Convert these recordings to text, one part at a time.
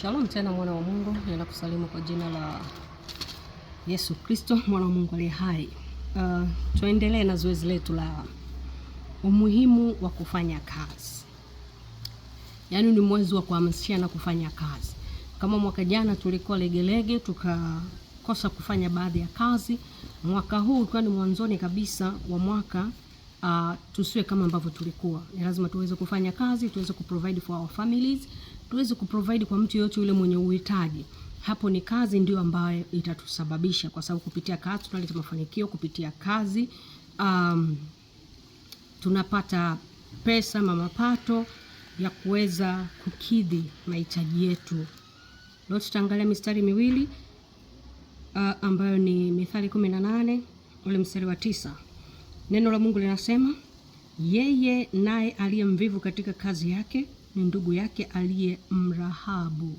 Shalom tena mwana wa Mungu, ninakusalimu kwa jina la Yesu Kristo mwana wa Mungu aliye hai. Uh, tuendelee na zoezi letu la umuhimu wa kufanya kazi. Yaani ni mwezi wa kuhamasisha na kufanya kazi. Kama mwaka jana tulikuwa legelege tukakosa kufanya baadhi ya kazi, mwaka huu ukiwa ni mwanzoni kabisa wa mwaka Uh, tusiwe kama ambavyo tulikuwa. Ni lazima tuweze kufanya kazi, tuweze kuprovide for our families, tuweze kuprovide kwa mtu yoyote yule mwenye uhitaji. Hapo ni kazi ndio ambayo itatusababisha, kwa sababu kupitia kazi tunaleta mafanikio, kupitia kazi um, tunapata pesa ama mapato ya kuweza kukidhi mahitaji yetu. Leo tutaangalia mistari miwili uh, ambayo ni Mithali kumi na nane ule mstari wa tisa. Neno la Mungu linasema yeye naye aliye mvivu katika kazi yake ni ndugu yake aliye mrahabu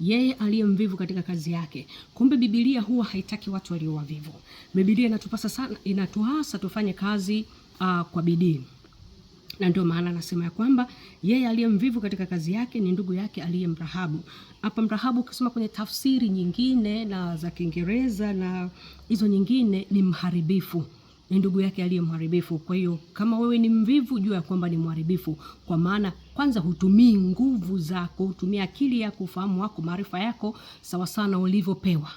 yeye aliye mvivu katika kazi yake. Kumbe Biblia huwa haitaki watu walio wavivu. Biblia inatupasa sana, inatuhasa tufanye kazi uh, kwa bidii na ndio maana anasema ya kwamba yeye aliye mvivu katika kazi yake ni ndugu yake aliye mrahabu. Hapa mrahabu, ukisoma kwenye tafsiri nyingine na za Kiingereza na hizo nyingine, ni mharibifu ni ndugu yake aliye mharibifu. Kwa hiyo kama wewe ni mvivu, jua ya kwamba ni mharibifu, kwa maana kwanza hutumii nguvu zako, hutumia akili yako, ufahamu wako, maarifa yako sawa sana ulivyopewa,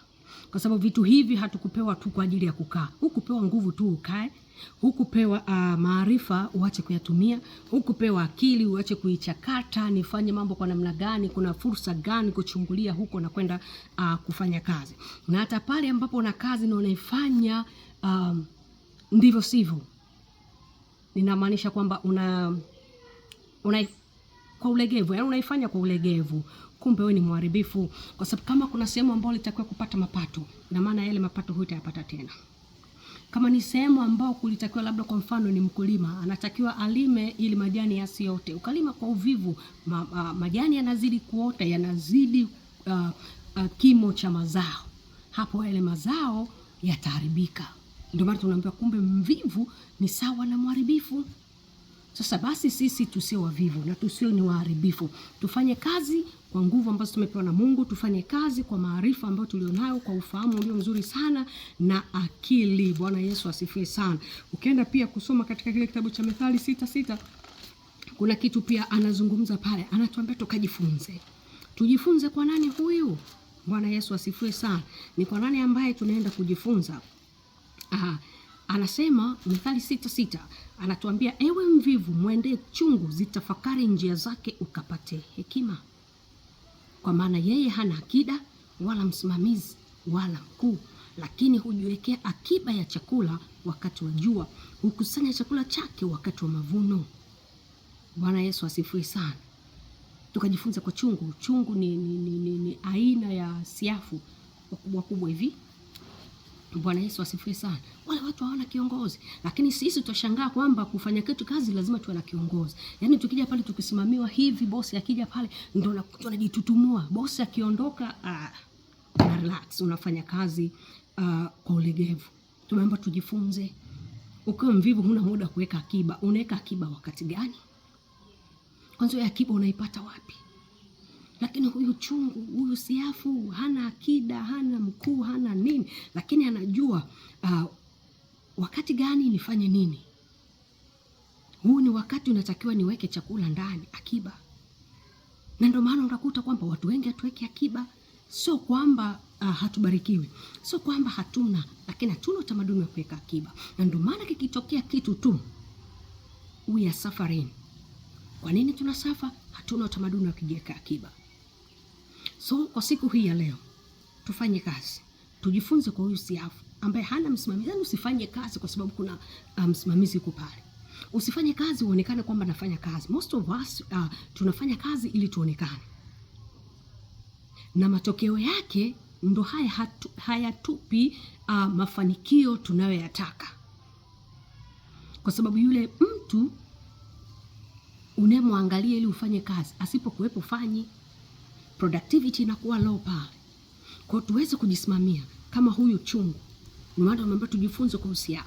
kwa sababu vitu hivi hatukupewa tu kwa ajili ya kukaa. Hukupewa nguvu tu ukae, hukupewa uh, maarifa uache kuyatumia, hukupewa akili uache kuichakata, nifanye mambo kwa namna gani, kuna fursa gani kuchungulia huko na kwenda uh, kufanya kazi. Na hata pale ambapo una kazi na unaifanya um, ndivyo sivyo, ninamaanisha kwamba una, una kwa ulegevu, yaani unaifanya kwa ulegevu, kumbe wewe ni mharibifu, kwa sababu kama kuna sehemu ambayo ulitakiwa kupata mapato, na maana yale mapato hutayapata tena. Kama ni sehemu ambao kulitakiwa labda, kwa mfano ni mkulima anatakiwa alime ili majani yasiote, ukalima kwa uvivu ma, ma, majani yanazidi kuota, yanazidi uh, uh, kimo cha mazao, hapo yale mazao yataharibika. Ndio maana tunaambiwa kumbe mvivu ni sawa na mharibifu. Sasa basi sisi tusio wavivu na tusio ni waharibifu, tufanye kazi kwa nguvu ambazo tumepewa na Mungu, tufanye kazi kwa maarifa ambayo tulionayo, kwa ufahamu ulio mzuri sana na akili. Bwana Yesu asifiwe sana. Ukienda pia kusoma katika kile kitabu cha Methali sita sita kuna kitu pia anazungumza pale, anatuambia tukajifunze. Tujifunze kwa nani huyu? Bwana Yesu asifiwe sana. Ni kwa nani ambaye tunaenda kujifunza? Aha. Anasema Mithali sita sita anatuambia, ewe mvivu mwendee chungu, zitafakari njia zake ukapate hekima, kwa maana yeye hana akida wala msimamizi wala mkuu, lakini hujiwekea akiba ya chakula wakati wa jua, hukusanya chakula chake wakati wa mavuno. Bwana Yesu asifiwe sana. Tukajifunza kwa chungu. Chungu ni, ni, ni, ni, ni aina ya siafu wakubwa kubwa hivi Bwana Yesu asifiwe sana. Wale watu hawana kiongozi, lakini sisi tutashangaa kwamba kufanya kitu kazi lazima tuwe na kiongozi. Yaani tukija pale tukisimamiwa hivi, bosi akija pale ndio tunajitutumua. Bosi akiondoka, uh, na relax, unafanya kazi uh, kwa ulegevu. Tumeomba tujifunze. Ukiwa mvivu, huna muda kuweka akiba. Unaweka akiba wakati gani? Kwanza, akiba unaipata wapi? lakini huyu chungu, huyu siafu hana akida, hana mkuu, hana nini, lakini anajua uh, wakati gani nifanye nini. Huu ni wakati unatakiwa niweke chakula ndani, akiba. Na ndio maana unakuta kwamba watu wengi hatuweki akiba. Sio kwamba uh, hatubarikiwi, sio kwamba hatuna, lakini hatuna utamaduni wa kuweka akiba. Na ndio maana kikitokea kitu tu we are suffering. Kwa nini tunasafa? Hatuna utamaduni wa kujiweka akiba. So kwa siku hii ya leo tufanye kazi, tujifunze kwa huyu siafu ambaye hana msimamizi. Yani usifanye kazi kwa sababu kuna uh, msimamizi um, yuko pale. Usifanye kazi uonekane kwamba nafanya kazi. Most of us uh, tunafanya kazi ili tuonekane, na matokeo yake ndo haya hayatupi uh, mafanikio tunayoyataka, kwa sababu yule mtu unemwangalia ili ufanye kazi, asipokuwepo fanyi productivity inakuwa low pale. Kwa tuweze kujisimamia kama huyu chungu. ni maana tunaomba tujifunze kuhusiana.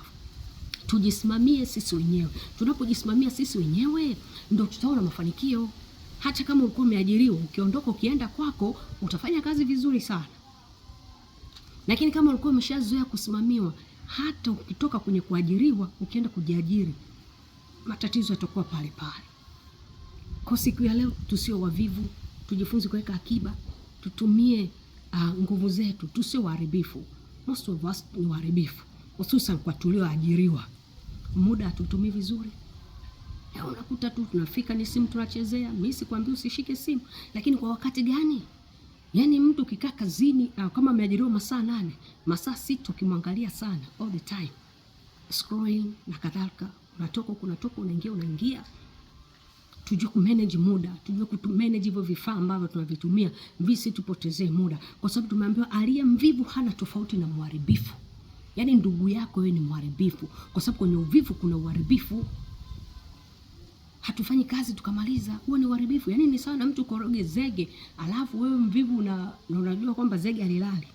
Tujisimamie sisi wenyewe. Tunapojisimamia sisi wenyewe ndio tutaona mafanikio. Hata kama ulikuwa umeajiriwa, ukiondoka ukienda kwako utafanya kazi vizuri sana. Lakini kama ulikuwa umeshazoea kusimamiwa, hata ukitoka kwenye kuajiriwa ukienda kujiajiri, matatizo yatakuwa pale pale. Kwa siku ya leo tusio wavivu tujifunze kuweka akiba, tutumie uh, nguvu zetu, tusio waharibifu. Most of us ni waharibifu, hususan kwa tulioajiriwa. Muda hatutumii vizuri, na unakuta tu tunafika ni simu tunachezea. Mimi sikwambia usishike simu, lakini kwa wakati gani? Yaani mtu ukikaa kazini uh, kama ameajiriwa masaa nane masaa sita, ukimwangalia sana all the time scrolling na kadhalika, unatoka huko unatoka, unaingia unaingia tujue kumanage muda, tujue kutumanage hivyo vifaa ambavyo tunavitumia visitupotezee muda, kwa sababu tumeambiwa aliye mvivu hana tofauti na mharibifu. Yaani ndugu yako wewe ni mharibifu, kwa sababu kwenye uvivu kuna uharibifu. Hatufanyi kazi tukamaliza, huo ni uharibifu. Yaani ni sawa na mtu koroge zege, alafu wewe mvivu una, unajua kwamba zege alilali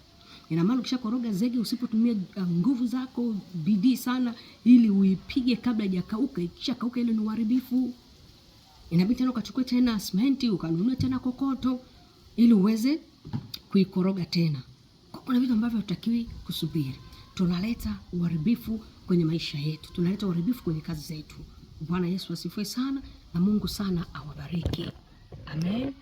ina maana ukisha koroga zege, usipotumia uh, nguvu zako bidii sana ili uipige kabla haijakauka, kauka ile ni uharibifu inabidi tena ukachukue tena simenti ukanunua tena kokoto ili uweze kuikoroga tena. Kuna vitu ambavyo hatutakiwi kusubiri, tunaleta uharibifu kwenye maisha yetu, tunaleta uharibifu kwenye kazi zetu. Bwana Yesu asifiwe sana na Mungu sana awabariki, amen.